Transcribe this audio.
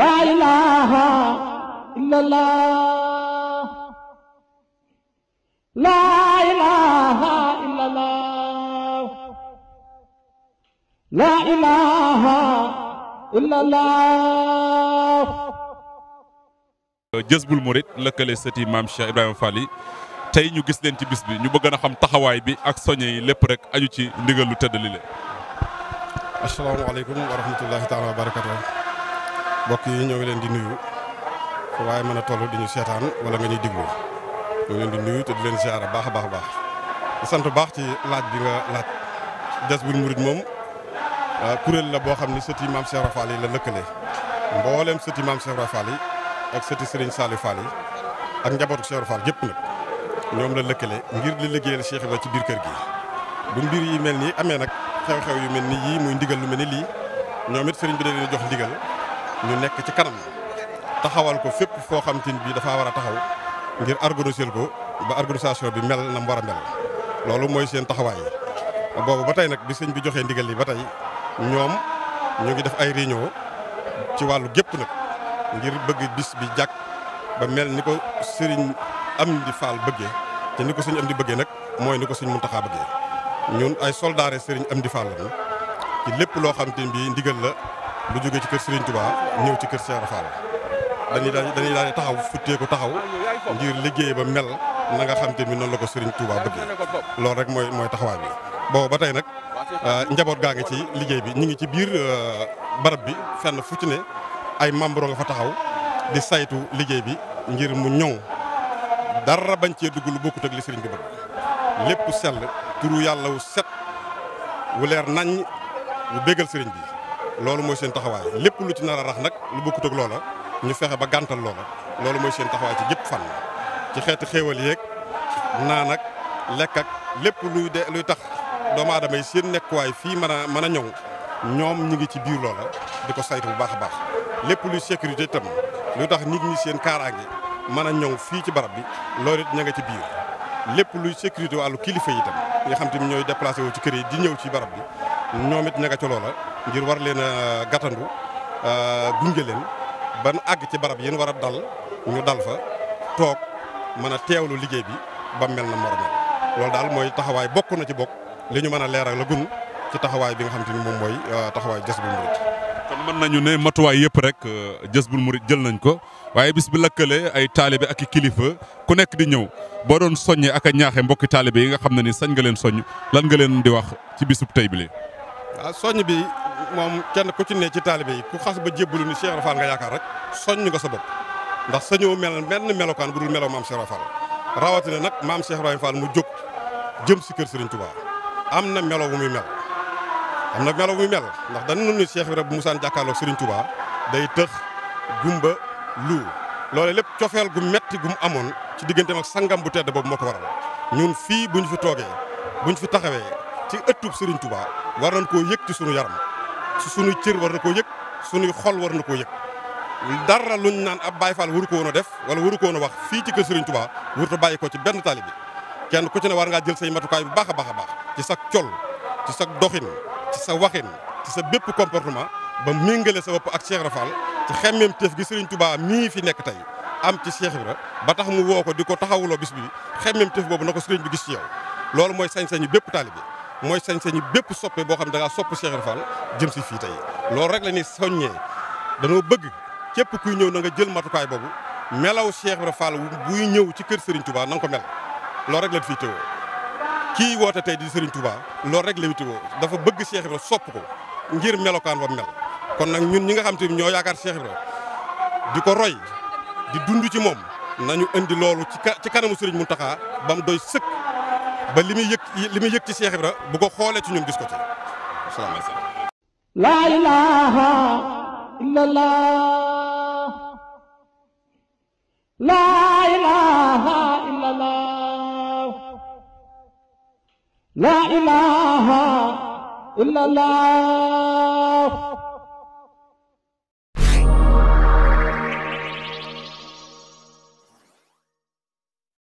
laa ilaaha illallah laa ilaaha illallah laa ilaaha lëkkale sëti maam Cheikh Ibrahima Fall yi tey ñu gis leen ci bis bi ñu bëgg a xam taxawaay bi ak soñe yi lépp rek aju ci ndigal lu tëdd li leen asalaamaaleykum wa rahmatullahi taala wa bokk yi ñoo ngi leen di nuyu fu waaye mën a toll di ñu seetaan wala nga ñuy diglu ñoo leen di nuyu te di leen siyaara baax a baax a baax di sant baax ci laaj bi nga laaj Jazboul Mouride moom ah, kuréel la boo xam ne sëti maam Cheikh Fall yi la lëkkale mboolem sëti maam Cheikh Fall yi ak sëti Serigne Saliou Fall yi ak njabootu Cheikh Fall yëpp nag ñoom la lëkkale ngir li liggéeyal Cheikh Ibra ci biir kër gi bu mbir yi mel nii amee nag xew-xew yu mel ni yii muy ndigal lu mel ni lii ñoom it jox ndigal ñu nekk ci kanam taxawal ko fépp foo xam te ni bii dafa war a taxaw ngir organiser ko ba organisation bi mel na mu war a mel loolu mooy seen taxawaay boobu ba tey nag bi sëñ bi joxee ndigal li ba tey ñoom ñu ngi def ay réunion ci wàllu gépp nag ngir bëgg bis bi jàkk ba mel ni ko sëriñ Amdi Fall bëggee te ni ko sëñ di bëggee nag mooy ni ko sëñ Muntaxa bëggee ñun ay soldaare sëriñ Amdi Fall lañu ci lépp loo xam te bii ndigal la lu jógee ci kër Serigne Touba ñëw ci kër Cheikh Fall dañuy daal dañuy daal taxaw futtee ko taxaw ngir liggéey ba mel na nga xam te ni noonu la ko Serigne Touba bëgg loolu rek mooy mooy taxawaay bi. boobu ba tey nag euh, njaboot gaa ngi ci liggéey bi ñu ngi ci biir euh, barab bi fenn fu ci ne ay membre nga fa taxaw di saytu liggéey bi ngir mu ñëw dara bañ cee dugg lu bokkut ak li Serigne bi bëgg lépp sell turu yàlla wu set wu leer naññ wu bégal Serigne bi. loolu mooy seen taxawaay lépp lu ci nar a rax nag lu bokkut ak loola ñu fexe ba gàntal loola loolu mooy seen taxawaay ci jëpp fànn ci xeetu xéewal yeeg naan ak lekk lépp luy de luy tax doomu aadama yi seen nekkuwaay fii mën a mën a ñoŋ ñoom ñu ngi ci biir loola di ko saytu bu baax a baax lépp luy sécurité itam lu tax ñi ñi seen kaaraange mën a ñoŋ fii ci barab bi loolu it ña nga ci biir lépp luy sécurité wàllu kilifa yi itam nga xam te ñooy déplacé wu ci kër yi di ñëw ci barab ñoom it ña nga ca loola ngir war leen a gàttandu gunge leen ban àgg ci barab yéen war a dal ñu dal fa toog mën a teewlu liggéey bi ba mel na morom loolu daal mooy taxawaay bokk na ci bokk li ñu mën a leeral la gun ci taxawaay bi nga xam te ni moom mooy taxawaay Jazboul Mouride. kon mën nañu ne matuwaay yëpp rek Jazboul Mouride jël nañ ko waaye bis bi lëkkale ay taalibe ak i kilifa ku nekk di ñëw boo doon soññee ak a ñaaxee mbokki taalibe yi nga xam ne ni sañ nga leen so lan nga leen di wax ci bisub tey bi li moom kenn ku ci ne ci taalibe yi ku xas ba jébbalu ni Cheikh Ibra Fall nga yaakaar rek soññ nga sa bopp ndax sañoo mel benn melokaan bu dul meloo maam Cheikh Ibra Fall rawatina nag maam Cheikh Ibra Fall mu jóg jëm si kër Serigne Touba am na melo bu muy mel am na melo bu muy mel ndax dañu nu ni Cheikh Ibra bu musaan jàkkaarloog Serigne Touba day tëx gumba lu loole lépp cofeel gu metti gu mu amoon ci digganteem ak sangam bu tedd boobu moo ko waral ñun fii bu ñu fi toogee bu ñu fi taxawee ci ëttub Serigne Touba war nañ koo ci sunu yaram suñuy cër war na koo yëg suñuy xol war na koo yëg dara luñ naan ab Baye Fall waru ko woon a def wala waru ko woon a wax fii ci kër Serigne Touba warut bàyyi ko ci benn taalibe bi kenn ku ci ne war ngaa jël say matukaay bu baax a baax a sa col ci sag doxin ci sa waxin ci sa bépp comportement ba méngale sa bopp ak Cheikh Rafal ci xemmeem teef gi Serigne Touba mii fi nekk tey am ci Cheikh Ibra ba tax mu woo ko di ko taxawuloo bis bi xemmeem teef boobu na ko Serigne bi gis ci yow loolu mooy sañ-sañu bépp taalibe bi mooy sañ-sañu bépp soppe boo xam da ngaa sopp Cheikh Ibra jëm si fii tey loolu rek la ni soññee danoo bëgg képp kuy ñëw na nga jël matukaay boobu melaw Cheikh Ibra Fall buy ñëw ci kër Serigne Touba na nga ko mel loolu rek la fii teewoo kii woote tey di sëriñ Touba loolu rek la teewoo dafa bëgg Cheikh Ibra sopp ko ngir melokaan ba mel kon nag ñun ñi nga xam te ñoo yaakaar Cheikh Ibra di ko roy di dund ci moom nañu indi loolu ci kanamu Serigne Mountakha ba mu doy sëkk ba li muy yëg li muy yëg ci Cheikh Ibra bu ko xoolee ci ñun gis ko ci asalaamaaleykum. laa ilaaha illallah laa ilaaha illallah laa ilaaha illallah.